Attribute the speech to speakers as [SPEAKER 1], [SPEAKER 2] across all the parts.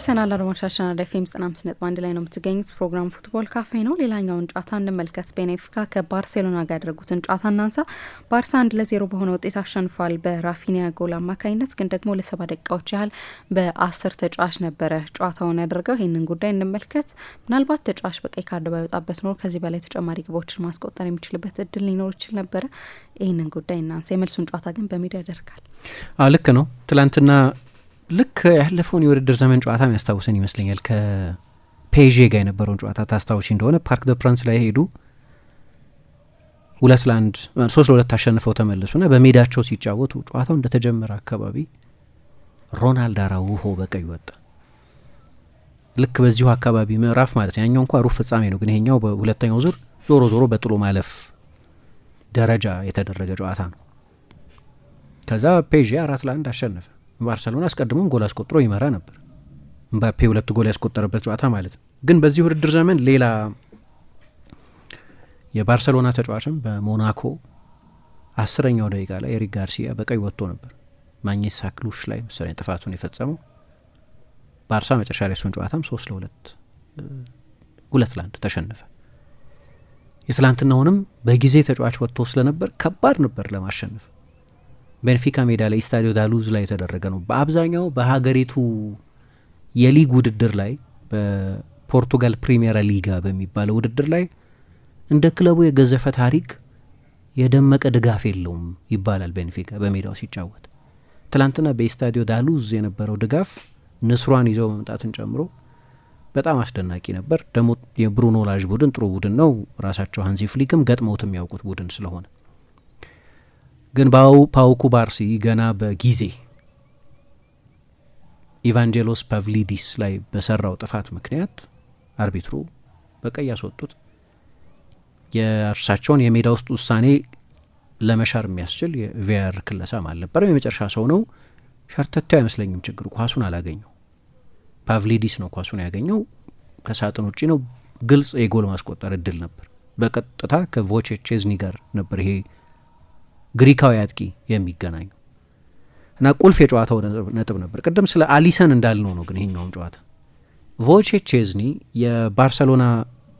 [SPEAKER 1] ተመልሰናል አድማጮቻችን አራዳ ኤፍ ኤም ዘጠና አምስት ነጥብ አንድ ላይ ነው የምትገኙት። ፕሮግራም ፉትቦል ካፌ ነው። ሌላኛውን ጨዋታ እንመልከት። ቤኔፊካ ከባርሴሎና ጋር ያደረጉትን ጨዋታ እናንሳ። ባርሳ አንድ ለዜሮ በሆነ ውጤት አሸንፏል በራፊኒያ ጎል አማካኝነት። ግን ደግሞ ለሰባ ደቂቃዎች ያህል በአስር ተጫዋች ነበረ ጨዋታውን ያደርገው። ይህንን ጉዳይ እንመልከት። ምናልባት ተጫዋች በቀይ ካርድ ባይወጣበት ኖር ከዚህ በላይ ተጨማሪ ግቦችን ማስቆጠር የሚችልበት እድል ሊኖር ይችል ነበረ። ይህንን ጉዳይ እናንሳ። የመልሱን ጨዋታ ግን በሜዳ ያደርጋል።
[SPEAKER 2] ልክ ነው ትላንትና ልክ ያለፈውን የውድድር ዘመን ጨዋታ የሚያስታውሰን ይመስለኛል። ከፔዤ ጋር የነበረውን ጨዋታ ታስታውሺ እንደሆነ ፓርክ ደ ፕራንስ ላይ ሄዱ ሁለት ለአንድ ሶስት ለሁለት አሸንፈው ና በሜዳቸው ሲጫወቱ ጨዋታው እንደተጀመረ አካባቢ ሮናልድ አራውሆ በቀይ ወጣ። ልክ በዚሁ አካባቢ ምዕራፍ ማለት ነው። ያኛው እንኳ ሩብ ፍጻሜ ነው፣ ግን ይሄኛው በሁለተኛው ዙር ዞሮ ዞሮ በጥሎ ማለፍ ደረጃ የተደረገ ጨዋታ ነው። ከዛ ፔዤ አራት ለአንድ አሸነፈ። ባርሰሎና አስቀድሞም ጎል አስቆጥሮ ይመራ ነበር። ምባፔ ሁለት ጎል ያስቆጠረበት ጨዋታ ማለት ነው። ግን በዚህ ውድድር ዘመን ሌላ የባርሰሎና ተጫዋችም በሞናኮ አስረኛው ደቂቃ ላይ ኤሪክ ጋርሲያ በቀይ ወጥቶ ነበር። ማግኘት ሳክሉሽ ላይ መሰለኝ ጥፋቱን የፈጸመው ባርሳ መጨረሻ ላይ እሱን ጨዋታም ሶስት ለሁለት ሁለት ለአንድ ተሸነፈ። የትላንትናውንም በጊዜ ተጫዋች ወጥቶ ስለነበር ከባድ ነበር ለማሸነፍ ቤንፊካ ሜዳ ላይ ስታዲዮ ዳሉዝ ላይ የተደረገ ነው። በአብዛኛው በሀገሪቱ የሊግ ውድድር ላይ በፖርቱጋል ፕሪሜራ ሊጋ በሚባለው ውድድር ላይ እንደ ክለቡ የገዘፈ ታሪክ የደመቀ ድጋፍ የለውም ይባላል። ቤንፊካ በሜዳው ሲጫወት ትላንትና በስታዲዮ ዳሉዝ የነበረው ድጋፍ ንስሯን ይዘው መምጣትን ጨምሮ በጣም አስደናቂ ነበር። ደግሞ የብሩኖ ላዥ ቡድን ጥሩ ቡድን ነው። ራሳቸው ሀንዚ ፍሊክም ገጥመውት የሚያውቁት ቡድን ስለሆነ ግን ፓውኩ ባርሲ ገና በጊዜ ኢቫንጀሎስ ፓቭሊዲስ ላይ በሰራው ጥፋት ምክንያት አርቢትሩ በቀይ ያስወጡት የእርሳቸውን የሜዳ ውስጥ ውሳኔ ለመሻር የሚያስችል የቪያር ክለሳም አልነበረም። የመጨረሻ ሰው ነው። ሸርተቴው አይመስለኝም። ችግሩ ኳሱን አላገኘው። ፓቭሊዲስ ነው ኳሱን ያገኘው። ከሳጥን ውጪ ነው። ግልጽ የጎል ማስቆጠር እድል ነበር። በቀጥታ ከቮቼ ቼዝኒ ጋር ነበር ይሄ ግሪካዊ አጥቂ የሚገናኙ እና ቁልፍ የጨዋታው ነጥብ ነበር። ቅድም ስለ አሊሰን እንዳልነው ነው። ግን ይሄኛውም ጨዋታ ቮቼ ቼዝኒ የባርሰሎና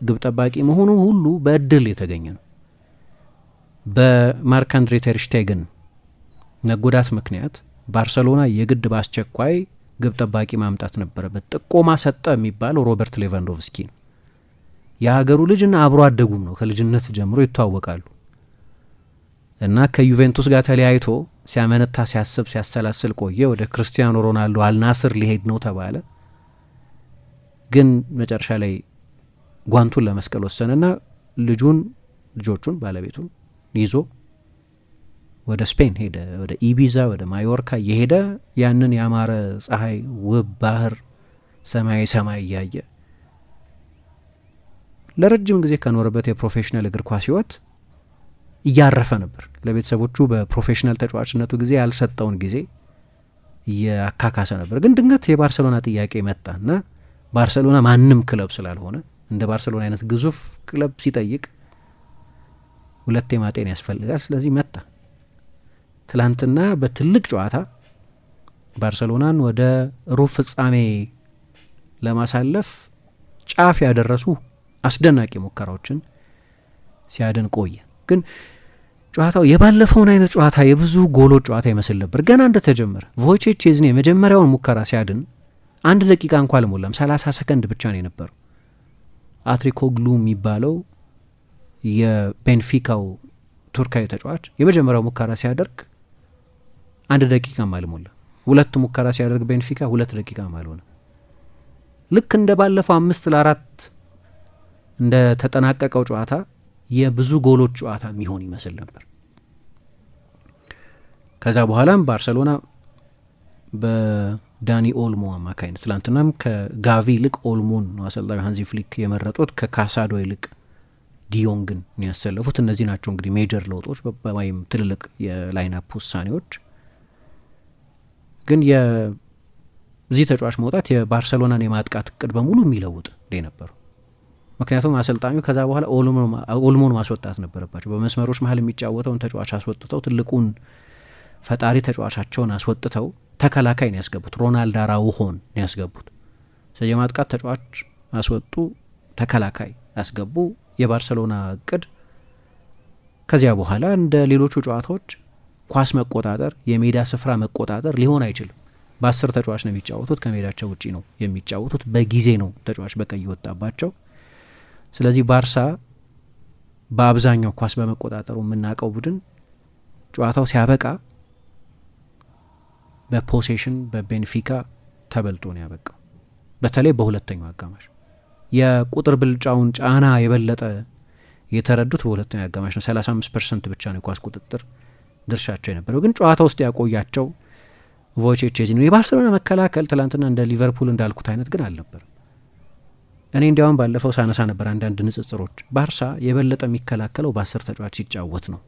[SPEAKER 2] ግብ ጠባቂ መሆኑ ሁሉ በእድል የተገኘ ነው። በማርክ አንድሬ መጎዳት ምክንያት ባርሰሎና የግድ በአስቸኳይ ግብ ጠባቂ ማምጣት ነበረበት። ጥቆማ ሰጠ የሚባለው ሮበርት ሌቫንዶቭስኪ ነው። የሀገሩ ልጅና አብሮ አደጉም ነው። ከልጅነት ጀምሮ ይተዋወቃሉ። እና ከዩቬንቱስ ጋር ተለያይቶ ሲያመነታ ሲያስብ ሲያሰላስል ቆየ። ወደ ክርስቲያኖ ሮናልዶ አልናስር ሊሄድ ነው ተባለ። ግን መጨረሻ ላይ ጓንቱን ለመስቀል ወሰነና ልጁን ልጆቹን ባለቤቱን ይዞ ወደ ስፔን ሄደ። ወደ ኢቢዛ ወደ ማዮርካ እየሄደ ያንን ያማረ ፀሐይ፣ ውብ ባህር፣ ሰማያዊ ሰማይ እያየ ለረጅም ጊዜ ከኖረበት የፕሮፌሽናል እግር ኳስ ህይወት እያረፈ ነበር። ለቤተሰቦቹ በፕሮፌሽናል ተጫዋችነቱ ጊዜ ያልሰጠውን ጊዜ እያካካሰ ነበር። ግን ድንገት የባርሰሎና ጥያቄ መጣና ባርሰሎና ማንም ክለብ ስላልሆነ እንደ ባርሰሎና አይነት ግዙፍ ክለብ ሲጠይቅ ሁለቴ ማጤን ያስፈልጋል። ስለዚህ መጣ። ትላንትና በትልቅ ጨዋታ ባርሰሎናን ወደ ሩብ ፍጻሜ ለማሳለፍ ጫፍ ያደረሱ አስደናቂ ሙከራዎችን ሲያድን ቆየ። ግን ጨዋታው የባለፈውን አይነት ጨዋታ የብዙ ጎሎች ጨዋታ ይመስል ነበር። ገና እንደተጀመረ ቮይቼክ የዝን የመጀመሪያውን ሙከራ ሲያድን አንድ ደቂቃ እንኳ አልሞላም፣ 30 ሰከንድ ብቻ ነው የነበረው። አትሪኮግሉ የሚባለው የቤንፊካው ቱርካዊ ተጫዋች የመጀመሪያው ሙከራ ሲያደርግ አንድ ደቂቃም አልሞላ። ሁለቱ ሙከራ ሲያደርግ ቤንፊካ ሁለት ደቂቃም አልሆነ። ልክ እንደ ባለፈው አምስት ለአራት እንደ ተጠናቀቀው ጨዋታ የብዙ ጎሎች ጨዋታ የሚሆን ይመስል ነበር። ከዛ በኋላም ባርሰሎና በዳኒ ኦልሞ አማካይነት ትላንትናም ከጋቪ ይልቅ ኦልሞን ነው አሰልጣኝ ሀንዚ ፍሊክ የመረጡት። ከካሳዶ ይልቅ ዲዮንግን ነው ያሰለፉት። እነዚህ ናቸው እንግዲህ ሜጀር ለውጦች ወይም ትልልቅ የላይናፕ ውሳኔዎች። ግን የዚህ ተጫዋች መውጣት የባርሰሎናን የማጥቃት እቅድ በሙሉ የሚለውጥ ነበሩ። ምክንያቱም አሰልጣኙ ከዛ በኋላ ኦልሞን ማስወጣት ነበረባቸው። በመስመሮች መሀል የሚጫወተውን ተጫዋች አስወጥተው ትልቁን ፈጣሪ ተጫዋቻቸውን አስወጥተው ተከላካይ ነው ያስገቡት። ሮናልድ አራውሆን ነው ያስገቡት። ስለዚህ የማጥቃት ተጫዋች አስወጡ፣ ተከላካይ ያስገቡ የባርሰሎና እቅድ ከዚያ በኋላ እንደ ሌሎቹ ጨዋታዎች ኳስ መቆጣጠር፣ የሜዳ ስፍራ መቆጣጠር ሊሆን አይችልም። በአስር ተጫዋች ነው የሚጫወቱት። ከሜዳቸው ውጪ ነው የሚጫወቱት። በጊዜ ነው ተጫዋች በቀይ ወጣባቸው። ስለዚህ ባርሳ በአብዛኛው ኳስ በመቆጣጠሩ የምናውቀው ቡድን ጨዋታው ሲያበቃ በፖሴሽን በቤንፊካ ተበልጦ ነው ያበቃው። በተለይ በሁለተኛው አጋማሽ የቁጥር ብልጫውን ጫና የበለጠ የተረዱት በሁለተኛው አጋማሽ ነው። 35 ፐርሰንት ብቻ ነው የኳስ ቁጥጥር ድርሻቸው የነበረው፣ ግን ጨዋታ ውስጥ ያቆያቸው ቮቼቼዚ ነው። የባርሰሎና መከላከል ትላንትና እንደ ሊቨርፑል እንዳልኩት አይነት ግን አልነበር እኔ እንዲያውም ባለፈው ሳነሳ ነበር አንዳንድ ንጽጽሮች። ባርሳ የበለጠ የሚከላከለው በአስር ተጫዋች ሲጫወት ነው።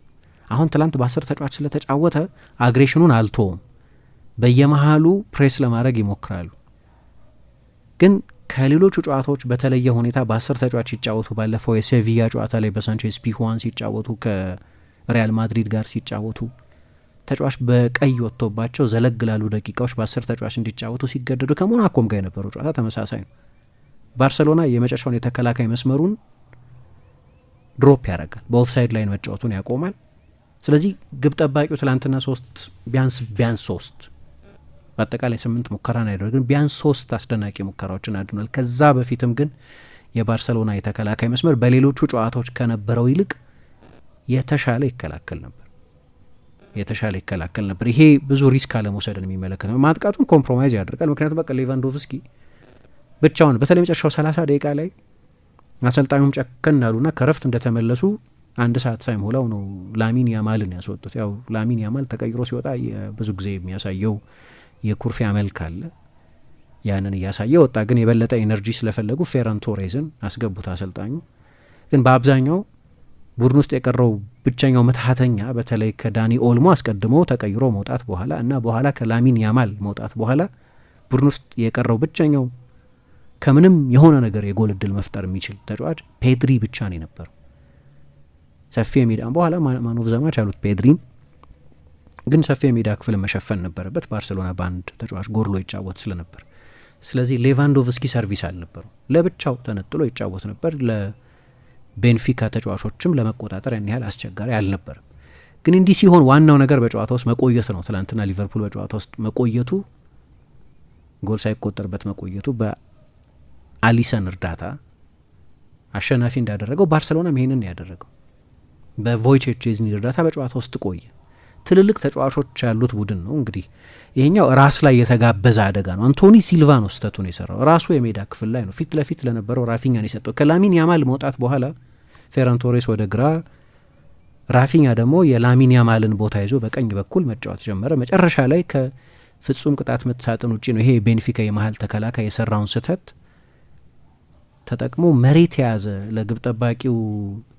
[SPEAKER 2] አሁን ትላንት በአስር ተጫዋች ስለተጫወተ አግሬሽኑን አልቶውም። በየመሀሉ ፕሬስ ለማድረግ ይሞክራሉ። ግን ከሌሎቹ ጨዋታዎች በተለየ ሁኔታ በአስር ተጫዋች ሲጫወቱ፣ ባለፈው የሴቪያ ጨዋታ ላይ በሳንቼዝ ፒሁዋን ሲጫወቱ፣ ከሪያል ማድሪድ ጋር ሲጫወቱ ተጫዋች በቀይ ወጥቶባቸው ዘለግ ላሉ ደቂቃዎች በአስር ተጫዋች እንዲጫወቱ ሲገደዱ፣ ከሞናኮም ጋር የነበረው ጨዋታ ተመሳሳይ ነው። ባርሰሎና የመጨረሻውን የተከላካይ መስመሩን ድሮፕ ያደርጋል። በኦፍሳይድ ላይ መጫወቱን ያቆማል። ስለዚህ ግብ ጠባቂው ትላንትና ሶስት ቢያንስ ቢያንስ ሶስት በአጠቃላይ ስምንት ሙከራን ያደረግ ቢያንስ ሶስት አስደናቂ ሙከራዎችን አድኗል። ከዛ በፊትም ግን የባርሰሎና የተከላካይ መስመር በሌሎቹ ጨዋታዎች ከነበረው ይልቅ የተሻለ ይከላከል ነበር የተሻለ ይከላከል ነበር። ይሄ ብዙ ሪስክ አለመውሰድን የሚመለከት ነው። ማጥቃቱን ኮምፕሮማይዝ ያደርጋል። ምክንያቱም በቃ ሌቫንዶቭስኪ ብቻውን በተለይ መጨረሻው 30 ደቂቃ ላይ አሰልጣኙም ጨከን አሉና ከረፍት እንደተመለሱ አንድ ሰዓት ሳይሞላው ነው ላሚን ያማልን ያስወጡት። ያው ላሚን ያማል ተቀይሮ ሲወጣ ብዙ ጊዜ የሚያሳየው የኩርፊያ መልክ አለ። ያንን እያሳየ ወጣ። ግን የበለጠ ኤነርጂ ስለፈለጉ ፌረን ቶሬዝን አስገቡት አሰልጣኙ። ግን በአብዛኛው ቡድን ውስጥ የቀረው ብቸኛው መትሃተኛ በተለይ ከዳኒ ኦልሞ አስቀድሞ ተቀይሮ መውጣት በኋላ እና በኋላ ከላሚን ያማል መውጣት በኋላ ቡድን ውስጥ የቀረው ብቸኛው ከምንም የሆነ ነገር የጎል እድል መፍጠር የሚችል ተጫዋች ፔድሪ ብቻ ነው የነበረው። ሰፊ የሜዳ በኋላ ማኖቭ ዘማች አሉት ፔድሪን፣ ግን ሰፊ የሜዳ ክፍል መሸፈን ነበረበት። ባርሴሎና በአንድ ተጫዋች ጎድሎ ይጫወት ስለነበር፣ ስለዚህ ሌቫንዶቭስኪ ሰርቪስ አልነበረው፣ ለብቻው ተነጥሎ ይጫወት ነበር። ለቤንፊካ ተጫዋቾችም ለመቆጣጠር ያን ያህል አስቸጋሪ አልነበርም። ግን እንዲህ ሲሆን ዋናው ነገር በጨዋታ ውስጥ መቆየት ነው። ትላንትና ሊቨርፑል በጨዋታ ውስጥ መቆየቱ ጎል ሳይቆጠርበት መቆየቱ አሊሰን እርዳታ አሸናፊ እንዳደረገው ባርሰሎናም ይሄንን ያደረገው በቮይቼክ ቼዝኒ እርዳታ በጨዋታ ውስጥ ቆየ። ትልልቅ ተጫዋቾች ያሉት ቡድን ነው። እንግዲህ ይሄኛው ራስ ላይ የተጋበዘ አደጋ ነው። አንቶኒ ሲልቫ ነው ስህተቱን የሰራው። ራሱ የሜዳ ክፍል ላይ ነው ፊት ለፊት ለነበረው ራፊኛን የሰጠው። ከላሚን ያማል መውጣት በኋላ ፌራን ቶሬስ ወደ ግራ፣ ራፊኛ ደግሞ የላሚን ያማልን ቦታ ይዞ በቀኝ በኩል መጫወት ጀመረ። መጨረሻ ላይ ከፍጹም ቅጣት ምት ሳጥን ውጪ ነው ይሄ ቤንፊካ የመሀል ተከላካይ የሰራውን ስህተት ተጠቅሞ መሬት የያዘ ለግብ ጠባቂው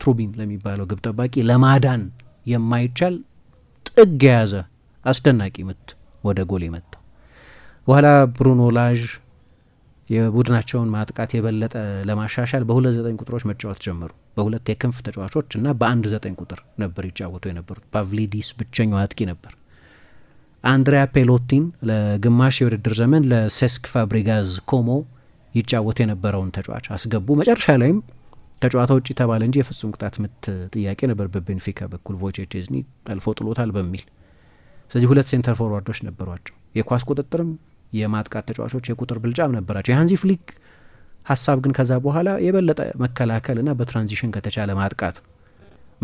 [SPEAKER 2] ትሩቢን ለሚባለው ግብ ጠባቂ ለማዳን የማይቻል ጥግ የያዘ አስደናቂ ምት ወደ ጎል የመጣ በኋላ ብሩኖ ላዥ የቡድናቸውን ማጥቃት የበለጠ ለማሻሻል በሁለት ዘጠኝ ቁጥሮች መጫወት ጀመሩ። በሁለት የክንፍ ተጫዋቾች እና በአንድ ዘጠኝ ቁጥር ነበር ይጫወቱ የነበሩት። ፓቭሊዲስ ብቸኛው አጥቂ ነበር። አንድሪያ ፔሎቲን ለግማሽ የውድድር ዘመን ለሴስክ ፋብሪጋዝ ኮሞ ይጫወት የነበረውን ተጫዋች አስገቡ። መጨረሻ ላይም ከጨዋታ ውጭ ተባለ እንጂ የፍጹም ቅጣት ምት ጥያቄ ነበር በቤንፊካ በኩል ቮቼ ቼዝኒ ጠልፎ ጥሎታል በሚል ስለዚህ ሁለት ሴንተር ፎርዋርዶች ነበሯቸው። የኳስ ቁጥጥርም የማጥቃት ተጫዋቾች የቁጥር ብልጫም ነበራቸው። የሃንዚ ፍሊክ ሀሳብ ግን ከዛ በኋላ የበለጠ መከላከልና በትራንዚሽን ከተቻለ ማጥቃት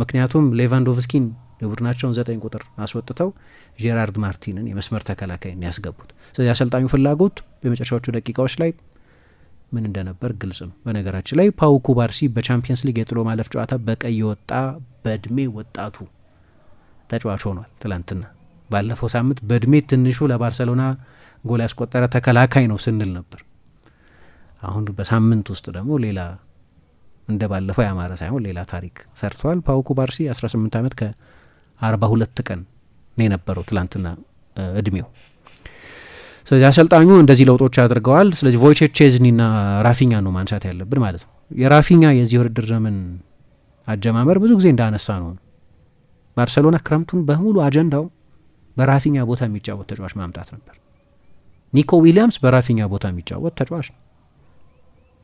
[SPEAKER 2] ምክንያቱም ሌቫንዶቭስኪን የቡድናቸውን ዘጠኝ ቁጥር አስወጥተው ጄራርድ ማርቲንን የመስመር ተከላካይ ያስገቡት። ስለዚህ አሰልጣኙ ፍላጎት በመጨረሻዎቹ ደቂቃዎች ላይ ምን እንደነበር ግልጽ ነው። በነገራችን ላይ ፓው ኩባርሲ በቻምፒየንስ ሊግ የጥሎ ማለፍ ጨዋታ በቀይ የወጣ በእድሜ ወጣቱ ተጫዋች ሆኗል። ትላንትና ባለፈው ሳምንት በእድሜ ትንሹ ለባርሰሎና ጎል ያስቆጠረ ተከላካይ ነው ስንል ነበር። አሁን በሳምንት ውስጥ ደግሞ ሌላ እንደ ባለፈው ያማረ ሳይሆን ሌላ ታሪክ ሰርተዋል። ፓው ኩባርሲ 18 ዓመት ከ42 ቀን ነው የነበረው ትላንትና እድሜው። ስለዚህ አሰልጣኙ እንደዚህ ለውጦች አድርገዋል። ስለዚህ ቮይቼክ ቼዝኒና ራፊኛ ነው ማንሳት ያለብን ማለት ነው። የራፊኛ የዚህ ውድድር ዘመን አጀማመር ብዙ ጊዜ እንዳነሳ ነው ባርሰሎና ክረምቱን በሙሉ አጀንዳው በራፊኛ ቦታ የሚጫወት ተጫዋች ማምጣት ነበር። ኒኮ ዊሊያምስ በራፊኛ ቦታ የሚጫወት ተጫዋች ነው።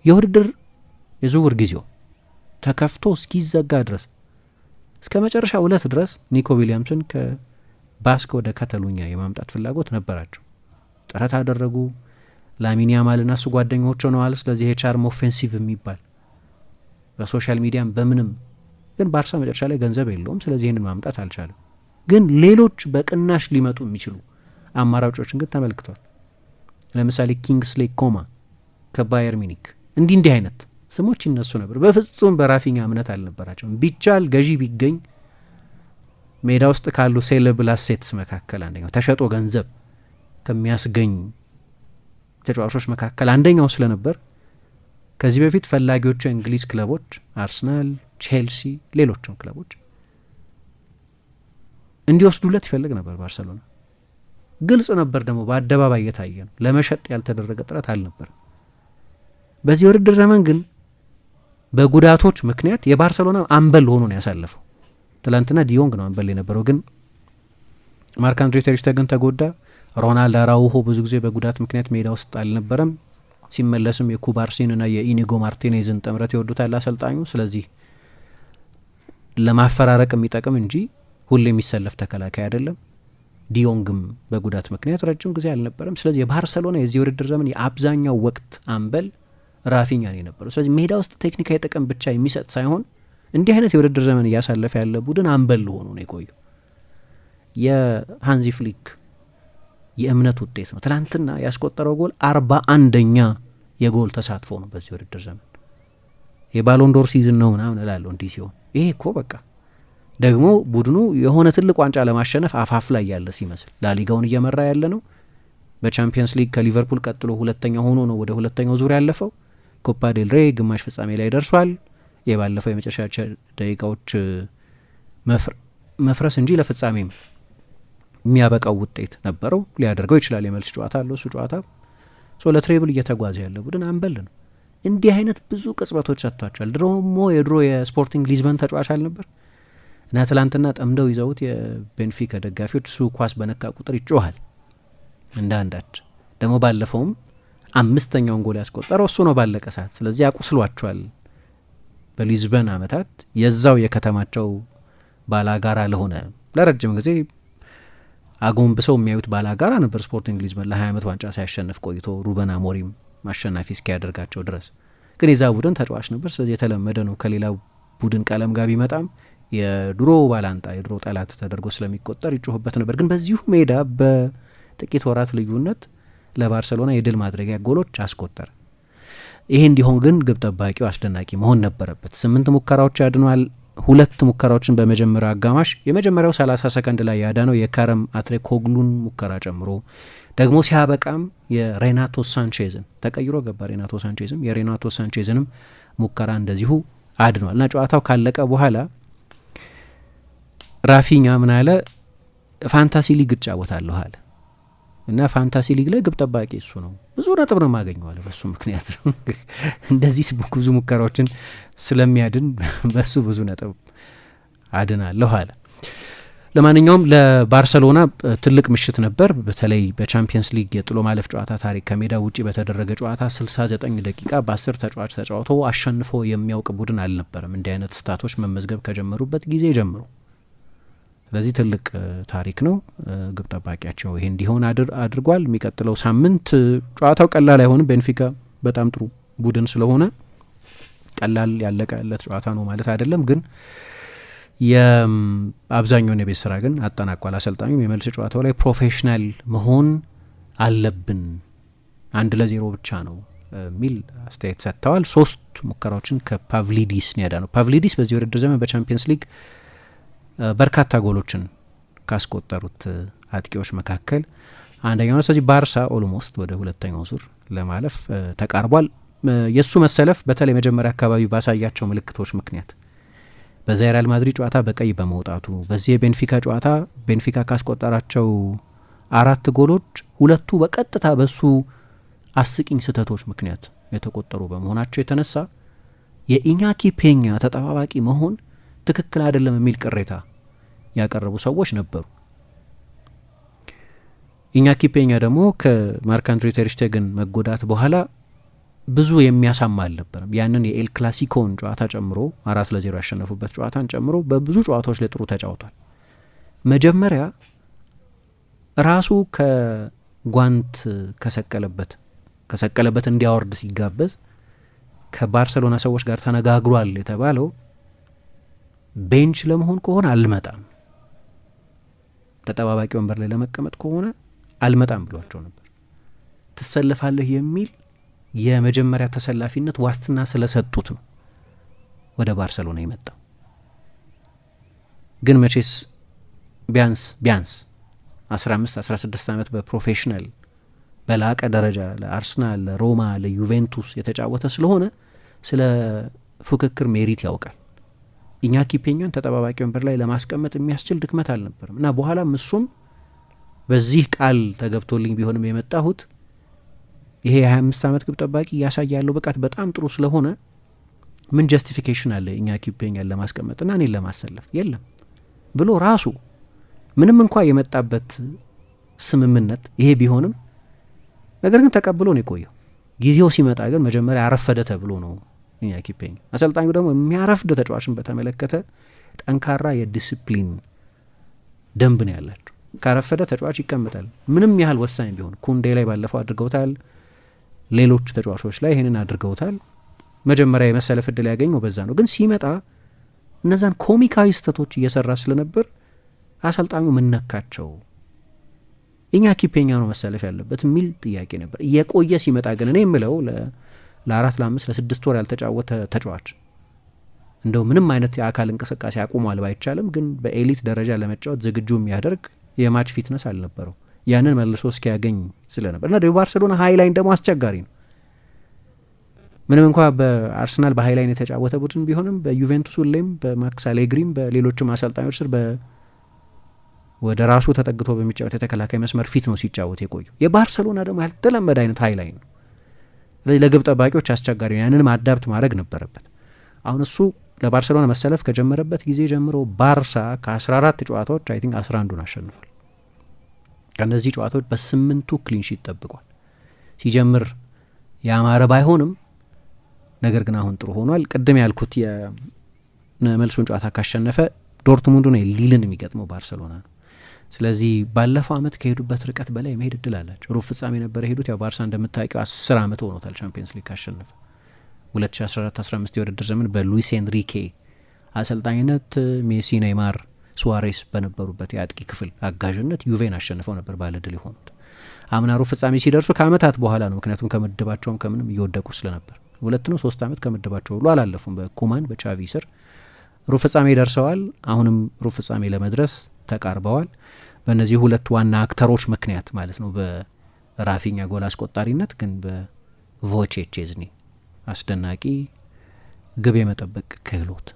[SPEAKER 2] የውድድር የዝውውር ጊዜው ተከፍቶ እስኪዘጋ ድረስ እስከ መጨረሻ ዕለት ድረስ ኒኮ ዊሊያምስን ከባስክ ወደ ካታሎኛ የማምጣት ፍላጎት ነበራቸው። ጥረት አደረጉ። ላሚን ያማልና እሱ ጓደኞች ሆነዋል። ስለዚህ የቻርም ኦፌንሲቭ የሚባል በሶሻል ሚዲያም በምንም ግን ባርሳ መጨረሻ ላይ ገንዘብ የለውም። ስለዚህ ይህንን ማምጣት አልቻለም። ግን ሌሎች በቅናሽ ሊመጡ የሚችሉ አማራጮችን ግን ተመልክቷል። ለምሳሌ ኪንግስሌ ኮማ ከባየር ሚኒክ እንዲህ እንዲህ አይነት ስሞች ይነሱ ነበር። በፍጹም በራፊኛ እምነት አልነበራቸውም። ቢቻል ገዢ ቢገኝ ሜዳ ውስጥ ካሉ ሴሌብል አሴትስ መካከል አንደኛው ተሸጦ ገንዘብ ከሚያስገኝ ተጫዋቾች መካከል አንደኛው ስለነበር ከዚህ በፊት ፈላጊዎቹ የእንግሊዝ ክለቦች አርሰናል፣ ቼልሲ፣ ሌሎችም ክለቦች እንዲወስዱለት ይፈልግ ነበር። ባርሰሎና ግልጽ ነበር፣ ደግሞ በአደባባይ እየታየ ነው። ለመሸጥ ያልተደረገ ጥረት አልነበርም። በዚህ ውድድር ዘመን ግን በጉዳቶች ምክንያት የባርሰሎና አምበል ሆኖ ነው ያሳለፈው። ትላንትና ዲዮንግ ነው አምበል የነበረው፣ ግን ማርክ አንድሬ ተር ስቴገን ተጎዳ። ሮናልድ አራውሆ ብዙ ጊዜ በጉዳት ምክንያት ሜዳ ውስጥ አልነበረም። ሲመለስም የኩባርሲን የኢኒጎ ማርቲኔዝን ጥምረት ይወዱታል አሰልጣኙ። ስለዚህ ለማፈራረቅ የሚጠቅም እንጂ ሁሌ የሚሰለፍ ተከላካይ አይደለም። ዲዮንግም በጉዳት ምክንያት ረጅም ጊዜ አልነበረም። ስለዚህ የባርሰሎና የዚህ ውድድር ዘመን የአብዛኛው ወቅት አምበል ራፊኛ ነው የነበረው። ስለዚህ ሜዳ ውስጥ ቴክኒካዊ ጥቅም ብቻ የሚሰጥ ሳይሆን እንዲህ አይነት የውድድር ዘመን እያሳለፈ ያለ ቡድን አምበል ሆኖ ነው የቆየው የሃንዚ ፍሊክ የእምነት ውጤት ነው። ትናንትና ያስቆጠረው ጎል አርባ አንደኛ የጎል ተሳትፎ ነው በዚህ ውድድር ዘመን። የባሎንዶር ሲዝን ነው ምናምን እላለሁ እንዲህ ሲሆን፣ ይሄ እኮ በቃ ደግሞ ቡድኑ የሆነ ትልቅ ዋንጫ ለማሸነፍ አፋፍ ላይ ያለ ሲመስል ላሊጋውን እየመራ ያለ ነው። በቻምፒየንስ ሊግ ከሊቨርፑል ቀጥሎ ሁለተኛ ሆኖ ነው ወደ ሁለተኛው ዙር ያለፈው። ኮፓ ዴል ሬ ግማሽ ፍጻሜ ላይ ደርሷል። የባለፈው የመጨረሻ ደቂቃዎች መፍረስ እንጂ ለፍጻሜም የሚያበቃው ውጤት ነበረው። ሊያደርገው ይችላል። የመልስ ጨዋታ አለው እሱ ጨዋታ ሶ ለትሬብል እየተጓዘ ያለ ቡድን አንበል ነው። እንዲህ አይነት ብዙ ቅጽበቶች ሰጥቷቸዋል። ድሮሞ የድሮ የስፖርቲንግ ሊዝበን ተጫዋች አልነበር እና ትላንትና ጠምደው ይዘውት የቤንፊካ ደጋፊዎች እሱ ኳስ በነካ ቁጥር ይጮሃል እንደ አንዳች ደግሞ ባለፈውም አምስተኛውን ጎል ያስቆጠረው እሱ ነው ባለቀ ሰዓት። ስለዚህ አቁስሏቸዋል። በሊዝበን አመታት የዛው የከተማቸው ባላጋራ ለሆነ ለረጅም ጊዜ አጎንብሰው የሚያዩት ባላጋራ ነበር ስፖርቲንግ ሊዝበን ለ20 ዓመት ዋንጫ ሲያሸንፍ ቆይቶ ሩበን አሞሪም አሸናፊ እስኪያደርጋቸው ድረስ ግን የዛ ቡድን ተጫዋች ነበር። ስለዚህ የተለመደ ነው። ከሌላ ቡድን ቀለም ጋር ቢመጣም የድሮ ባላንጣ የድሮ ጠላት ተደርጎ ስለሚቆጠር ይጮህበት ነበር። ግን በዚሁ ሜዳ በጥቂት ወራት ልዩነት ለባርሰሎና የድል ማድረጊያ ጎሎች አስቆጠረ። ይሄ እንዲሆን ግን ግብ ጠባቂው አስደናቂ መሆን ነበረበት። ስምንት ሙከራዎች ያድኗል። ሁለት ሙከራዎችን በመጀመሪያው አጋማሽ የመጀመሪያው 30 ሰከንድ ላይ ያዳነው የካረም አትሬ ኮግሉን ሙከራ ጨምሮ ደግሞ ሲያበቃም የሬናቶ ሳንቼዝን ተቀይሮ ገባ። ሬናቶ ሳንቼዝም የሬናቶ ሳንቼዝንም ሙከራ እንደዚሁ አድኗል። እና ጨዋታው ካለቀ በኋላ ራፊኛ ምን አለ? ፋንታሲ ሊግ እጫወታለሁ አለ እና ፋንታሲ ሊግ ላይ ግብ ጠባቂ እሱ ነው፣ ብዙ ነጥብ ነው ማገኘዋል በሱ ምክንያት ነው። እንደዚህ ብዙ ሙከራዎችን ስለሚያድን በሱ ብዙ ነጥብ አድናለሁ አለ። ለማንኛውም ለባርሰሎና ትልቅ ምሽት ነበር። በተለይ በቻምፒየንስ ሊግ የጥሎ ማለፍ ጨዋታ ታሪክ ከሜዳ ውጪ በተደረገ ጨዋታ 69 ደቂቃ በ10 ተጫዋች ተጫውቶ አሸንፎ የሚያውቅ ቡድን አልነበረም እንዲህ አይነት ስታቶች መመዝገብ ከጀመሩበት ጊዜ ጀምሮ። ስለዚህ ትልቅ ታሪክ ነው። ግብ ጠባቂያቸው ይሄ እንዲሆን አድርጓል። የሚቀጥለው ሳምንት ጨዋታው ቀላል አይሆንም። ቤንፊካ በጣም ጥሩ ቡድን ስለሆነ ቀላል ያለቀለት ጨዋታ ነው ማለት አይደለም፣ ግን የአብዛኛውን የቤት ስራ ግን አጠናቋል። አሰልጣኙም የመልስ ጨዋታው ላይ ፕሮፌሽናል መሆን አለብን፣ አንድ ለዜሮ ብቻ ነው የሚል አስተያየት ሰጥተዋል። ሶስት ሙከራዎችን ከፓቭሊዲስ ነው ያዳነው። ፓቭሊዲስ በዚህ ውድድር ዘመን በቻምፒየንስ ሊግ በርካታ ጎሎችን ካስቆጠሩት አጥቂዎች መካከል አንደኛው ነው። ስለዚህ ባርሳ ኦልሞስት ወደ ሁለተኛው ዙር ለማለፍ ተቃርቧል። የእሱ መሰለፍ በተለይ መጀመሪያ አካባቢ ባሳያቸው ምልክቶች ምክንያት በዚያ የሪያል ማድሪድ ጨዋታ በቀይ በመውጣቱ በዚህ የቤንፊካ ጨዋታ ቤንፊካ ካስቆጠራቸው አራት ጎሎች ሁለቱ በቀጥታ በሱ አስቂኝ ስህተቶች ምክንያት የተቆጠሩ በመሆናቸው የተነሳ የኢኛኪ ፔኛ ተጠባባቂ መሆን ትክክል አይደለም የሚል ቅሬታ ያቀረቡ ሰዎች ነበሩ። ኢኛኪ ፔኛ ደግሞ ከማርክ አንድሬ መጎዳት በኋላ ብዙ የሚያሳማ አልነበረም። ያንን የኤል ክላሲኮን ጨዋታ ጨምሮ አራት ለዜሮ ያሸነፉበት ጨዋታን ጨምሮ በብዙ ጨዋታዎች ላይ ጥሩ ተጫውቷል። መጀመሪያ ራሱ ከጓንት ከሰቀለበት ከሰቀለበት እንዲያወርድ ሲጋበዝ ከባርሰሎና ሰዎች ጋር ተነጋግሯል የተባለው ቤንች ለመሆን ከሆነ አልመጣም፣ ተጠባባቂ ወንበር ላይ ለመቀመጥ ከሆነ አልመጣም ብሏቸው ነበር። ትሰለፋለህ የሚል የመጀመሪያ ተሰላፊነት ዋስትና ስለሰጡት ነው ወደ ባርሰሎና የመጣው። ግን መቼስ ቢያንስ ቢያንስ 15 16 ዓመት በፕሮፌሽናል በላቀ ደረጃ ለአርሰናል፣ ለሮማ፣ ለዩቬንቱስ የተጫወተ ስለሆነ ስለ ፉክክር ሜሪት ያውቃል። እኛ ኪፔኛን ተጠባባቂ ወንበር ላይ ለማስቀመጥ የሚያስችል ድክመት አልነበርም እና በኋላም እሱም በዚህ ቃል ተገብቶልኝ ቢሆንም የመጣሁት ይሄ የ25 ዓመት ግብ ጠባቂ እያሳየ ያለው ብቃት በጣም ጥሩ ስለሆነ ምን ጀስቲፊኬሽን አለ እኛ ኪፔኛን ለማስቀመጥ ና እኔን ለማሰለፍ የለም ብሎ ራሱ ምንም እንኳ የመጣበት ስምምነት ይሄ ቢሆንም ነገር ግን ተቀብሎ ነው የቆየው። ጊዜው ሲመጣ ግን መጀመሪያ አረፈደ ተብሎ ነው እኛ ኪፔኝ። አሰልጣኙ ደግሞ የሚያረፍደ ተጫዋችን በተመለከተ ጠንካራ የዲስፕሊን ደንብ ነው ያላቸው። ካረፈደ ተጫዋች ይቀመጣል ምንም ያህል ወሳኝ ቢሆን። ኩንዴ ላይ ባለፈው አድርገውታል። ሌሎች ተጫዋቾች ላይ ይህንን አድርገውታል። መጀመሪያ የመሰለፍ እድል ያገኘው በዛ ነው። ግን ሲመጣ እነዛን ኮሚካዊ ስህተቶች እየሰራ ስለነበር አሰልጣኙ ምነካቸው እኛ ኪፔኛ ነው መሰለፍ ያለበት የሚል ጥያቄ ነበር። እየቆየ ሲመጣ ግን እኔ የምለው ለአራት ለአምስት ለስድስት ወር ያልተጫወተ ተጫዋች እንደው ምንም አይነት የአካል እንቅስቃሴ አቁሟል ባይቻልም ግን በኤሊት ደረጃ ለመጫወት ዝግጁ የሚያደርግ የማች ፊትነስ አልነበረው። ያንን መልሶ እስኪያገኝ ስለነበር እና ባርሴሎና ሀይ ደግሞ አስቸጋሪ ነው። ምንም እንኳ በአርሰናል በሀይ ላይን የተጫወተ ቡድን ቢሆንም በዩቬንቱስ ሁሌም በማክስ አሌግሪም በሌሎችም አሰልጣኞች ስር ወደ ራሱ ተጠግቶ በሚጫወት የተከላካይ መስመር ፊት ነው ሲጫወት የቆዩ። የባርሰሎና ደግሞ ያልተለመደ አይነት ሀይ ላይን ነው። ስለዚህ ለግብ ጠባቂዎች አስቸጋሪ ነው። ያንንም አዳብት ማድረግ ነበረበት። አሁን እሱ ለባርሰሎና መሰለፍ ከጀመረበት ጊዜ ጀምሮ ባርሳ ከ14 ጨዋታዎች አይ ቲንክ 11ዱን አሸንፏል። ከእነዚህ ጨዋታዎች በስምንቱ ክሊንሺት ጠብቋል። ሲጀምር ያማረ ባይሆንም ነገር ግን አሁን ጥሩ ሆኗል። ቅድም ያልኩት የመልሱን ጨዋታ ካሸነፈ ዶርትሙንዱ ነው ሊልን የሚገጥመው ባርሰሎና ነው። ስለዚህ ባለፈው አመት ከሄዱበት ርቀት በላይ መሄድ እድል አላቸው። ሩብ ፍጻሜ ነበር የሄዱት። ያው ባርሳ እንደምታውቂው አስር አመት ሆኖታል ቻምፒየንስ ሊግ ካሸነፈ 2014/15 የውድድር ዘመን በሉዊስ ኤንሪኬ አሰልጣኝነት ሜሲ፣ ኔይማር ሱዋሬስ በነበሩበት የአጥቂ ክፍል አጋዥነት ዩቬን አሸንፈው ነበር ባለድል የሆኑት። አምና ሩብ ፍጻሜ ሲደርሱ ከአመታት በኋላ ነው። ምክንያቱም ከምድባቸውም ከምንም እየወደቁ ስለነበር ሁለት ነው ሶስት አመት ከምድባቸው ሁሉ አላለፉም። በኩማን በቻቪ ስር ሩብ ፍጻሜ ደርሰዋል። አሁንም ሩብ ፍጻሜ ለመድረስ ተቃርበዋል። በእነዚህ ሁለት ዋና አክተሮች ምክንያት ማለት ነው። በራፊኛ ጎል አስቆጣሪነት ግን በቮቼ ቼዝኒ አስደናቂ ግብ የመጠበቅ ክህሎት